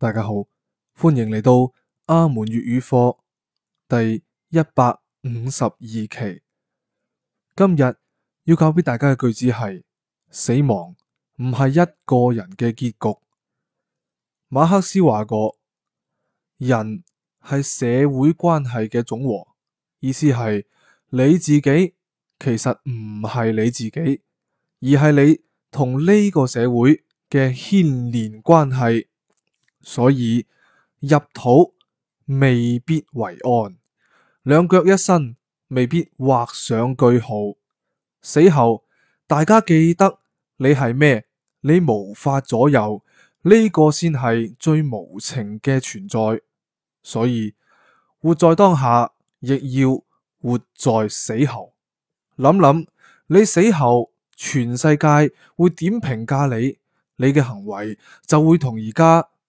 大家好，歡迎嚟到阿門粵語課第一百五十二期。今日要教俾大家嘅句子係：死亡唔係一個人嘅結局。馬克思話過，人係社會關係嘅總和，意思係你自己其實唔係你自己，而係你同呢個社會嘅牽連關係。所以入土未必為安，兩腳一伸未必畫上句號。死後大家記得你係咩，你無法左右，呢個先係最無情嘅存在。所以活在當下，亦要活在死後。諗諗你死後全世界會點評價你，你嘅行為就會同而家。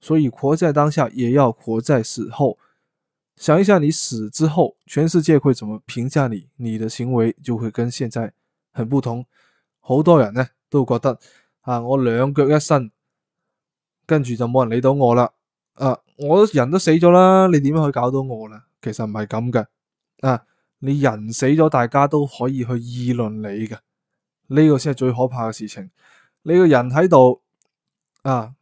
所以活在當下，也要活在死後。想一下，你死之後，全世界會怎麼評價你？你的行為就會跟現在很不同。好多人呢，都覺得啊，我兩腳一伸，跟住就冇人理到我啦。啊，我人都死咗啦，你點樣去搞到我啦？其實唔係咁嘅。啊，你人死咗，大家都可以去議論你嘅。呢個先係最可怕嘅事情。你個人喺度啊。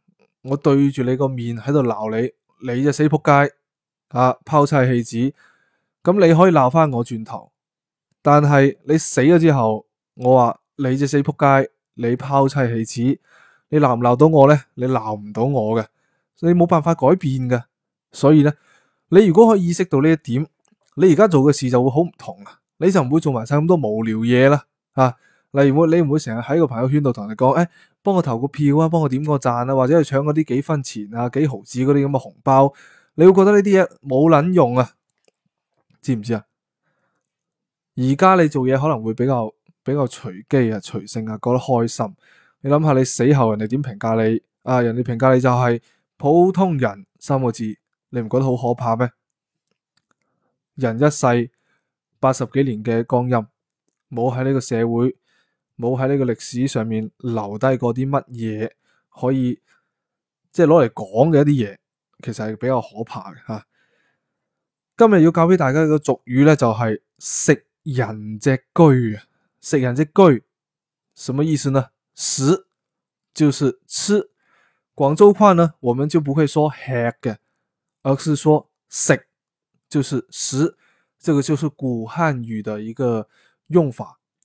我對住你個面喺度鬧你，你隻死撲街啊，拋妻棄子，咁你可以鬧翻我轉頭，但係你死咗之後，我話你隻死撲街，你拋妻棄子，你鬧唔鬧到我咧？你鬧唔到我嘅，你冇辦法改變㗎。所以咧，你如果可以意識到呢一點，你而家做嘅事就會好唔同啊，你就唔會做埋晒咁多無聊嘢啦啊！例如你會你唔會成日喺個朋友圈度同人哋講，誒、欸，幫我投個票啊，幫我點個讚啊，或者去搶嗰啲幾分錢啊、幾毫紙嗰啲咁嘅紅包，你會覺得呢啲嘢冇撚用啊？知唔知啊？而家你做嘢可能會比較比較隨機啊、隨性啊，覺得開心。你諗下你死後人哋點評價你啊？人哋評價你就係普通人三個字，你唔覺得好可怕咩？人一世八十幾年嘅光陰，冇喺呢個社會。冇喺呢個歷史上面留低過啲乜嘢可以即係攞嚟講嘅一啲嘢，其實係比較可怕嘅吓。今日要教俾大家嘅俗語咧就係食人隻車啊！食人隻車，什麼意思呢？食就是吃，廣州話呢我們就不會說吃嘅，而是說食，就是食。這個就是古漢語的一個用法。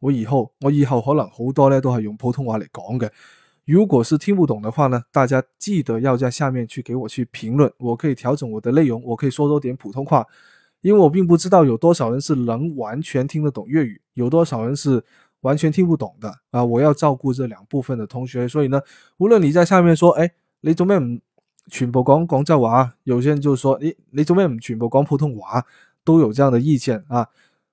我以後我以後可能好多咧都係用普通話嚟講嘅，如果是聽不懂的話呢，大家記得要在下面去給我去評論，我可以調整我的內容，我可以說多點普通話，因為我並不知道有多少人是能完全聽得懂粵語，有多少人是完全聽不懂的啊，我要照顧這兩部分的同學，所以呢，無論你在下面說，誒、哎，你做咩唔全部講廣州話？有些人就是說，你你做咩唔全部講普通話，都有這樣的意見啊。